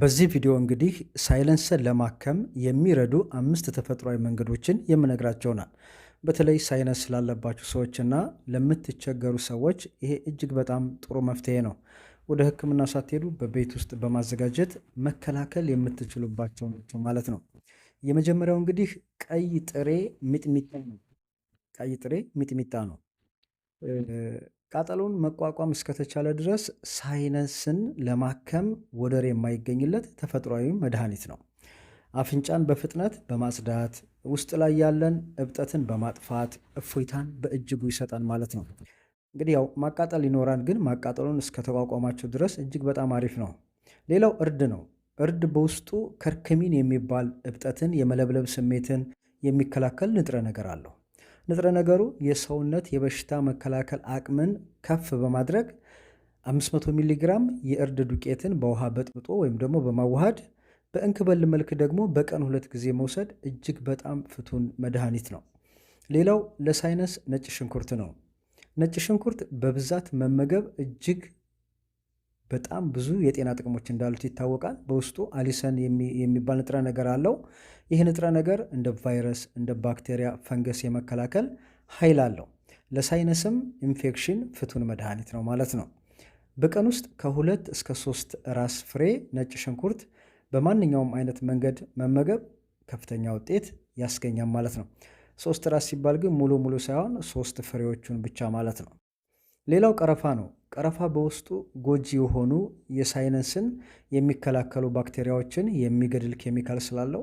በዚህ ቪዲዮ እንግዲህ ሳይለንስን ለማከም የሚረዱ አምስት ተፈጥሯዊ መንገዶችን የምነግራቸው ይሆናል። በተለይ ሳይለንስ ላለባችሁ ሰዎችና ለምትቸገሩ ሰዎች ይሄ እጅግ በጣም ጥሩ መፍትሄ ነው። ወደ ሕክምና ሳትሄዱ በቤት ውስጥ በማዘጋጀት መከላከል የምትችሉባቸው ናቸው ማለት ነው። የመጀመሪያው እንግዲህ ቀይ ጥሬ ሚጥሚጣ ነው። ቀይ ጥሬ ሚጥሚጣ ነው። ቃጠሎውን መቋቋም እስከተቻለ ድረስ ሳይነስን ለማከም ወደር የማይገኝለት ተፈጥሯዊ መድኃኒት ነው። አፍንጫን በፍጥነት በማጽዳት ውስጥ ላይ ያለን እብጠትን በማጥፋት እፎይታን በእጅጉ ይሰጣል ማለት ነው። እንግዲህ ያው ማቃጠል ይኖራል፣ ግን ማቃጠሉን እስከተቋቋማቸው ድረስ እጅግ በጣም አሪፍ ነው። ሌላው እርድ ነው። እርድ በውስጡ ከርክሚን የሚባል እብጠትን የመለብለብ ስሜትን የሚከላከል ንጥረ ነገር አለው። ንጥረ ነገሩ የሰውነት የበሽታ መከላከል አቅምን ከፍ በማድረግ 500 ሚሊ ግራም የእርድ ዱቄትን በውሃ በጥብጦ ወይም ደግሞ በማዋሃድ በእንክበል መልክ ደግሞ በቀን ሁለት ጊዜ መውሰድ እጅግ በጣም ፍቱን መድኃኒት ነው። ሌላው ለሳይነስ ነጭ ሽንኩርት ነው። ነጭ ሽንኩርት በብዛት መመገብ እጅግ በጣም ብዙ የጤና ጥቅሞች እንዳሉት ይታወቃል። በውስጡ አሊሰን የሚባል ንጥረ ነገር አለው። ይህ ንጥረ ነገር እንደ ቫይረስ፣ እንደ ባክቴሪያ፣ ፈንገስ የመከላከል ኃይል አለው። ለሳይነስም ኢንፌክሽን ፍቱን መድኃኒት ነው ማለት ነው። በቀን ውስጥ ከሁለት እስከ ሶስት ራስ ፍሬ ነጭ ሽንኩርት በማንኛውም አይነት መንገድ መመገብ ከፍተኛ ውጤት ያስገኛል ማለት ነው። ሶስት ራስ ሲባል ግን ሙሉ ሙሉ ሳይሆን ሶስት ፍሬዎቹን ብቻ ማለት ነው። ሌላው ቀረፋ ነው። ቀረፋ በውስጡ ጎጂ የሆኑ የሳይነስን የሚከላከሉ ባክቴሪያዎችን የሚገድል ኬሚካል ስላለው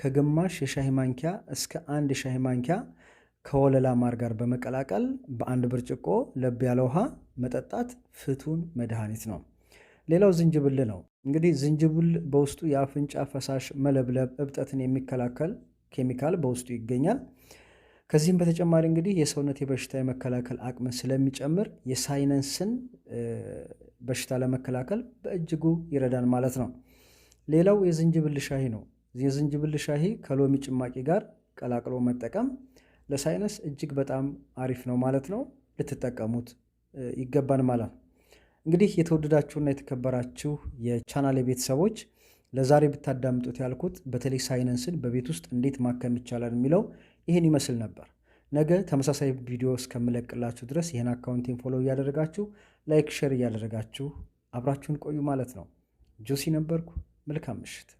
ከግማሽ የሻይ ማንኪያ እስከ አንድ የሻሂ ማንኪያ ከወለላ ማር ጋር በመቀላቀል በአንድ ብርጭቆ ለብ ያለ ውሃ መጠጣት ፍቱን መድኃኒት ነው። ሌላው ዝንጅብል ነው። እንግዲህ ዝንጅብል በውስጡ የአፍንጫ ፈሳሽ መለብለብ፣ እብጠትን የሚከላከል ኬሚካል በውስጡ ይገኛል። ከዚህም በተጨማሪ እንግዲህ የሰውነት የበሽታ የመከላከል አቅምን ስለሚጨምር የሳይነስን በሽታ ለመከላከል በእጅጉ ይረዳን ማለት ነው። ሌላው የዝንጅብል ሻሂ ነው። የዝንጅብል ሻሂ ከሎሚ ጭማቂ ጋር ቀላቅሎ መጠቀም ለሳይነስ እጅግ በጣም አሪፍ ነው ማለት ነው። ልትጠቀሙት ይገባን ማለት ነው። እንግዲህ የተወደዳችሁና የተከበራችሁ የቻናል ቤተሰቦች ለዛሬ ብታዳምጡት ያልኩት በተለይ ሳይነስን በቤት ውስጥ እንዴት ማከም ይቻላል የሚለው ይህን ይመስል ነበር። ነገ ተመሳሳይ ቪዲዮ እስከምለቅላችሁ ድረስ ይህን አካውንቴን ፎሎው እያደረጋችሁ ላይክ፣ ሼር እያደረጋችሁ አብራችሁን ቆዩ ማለት ነው። ጆሲ ነበርኩ። መልካም ምሽት።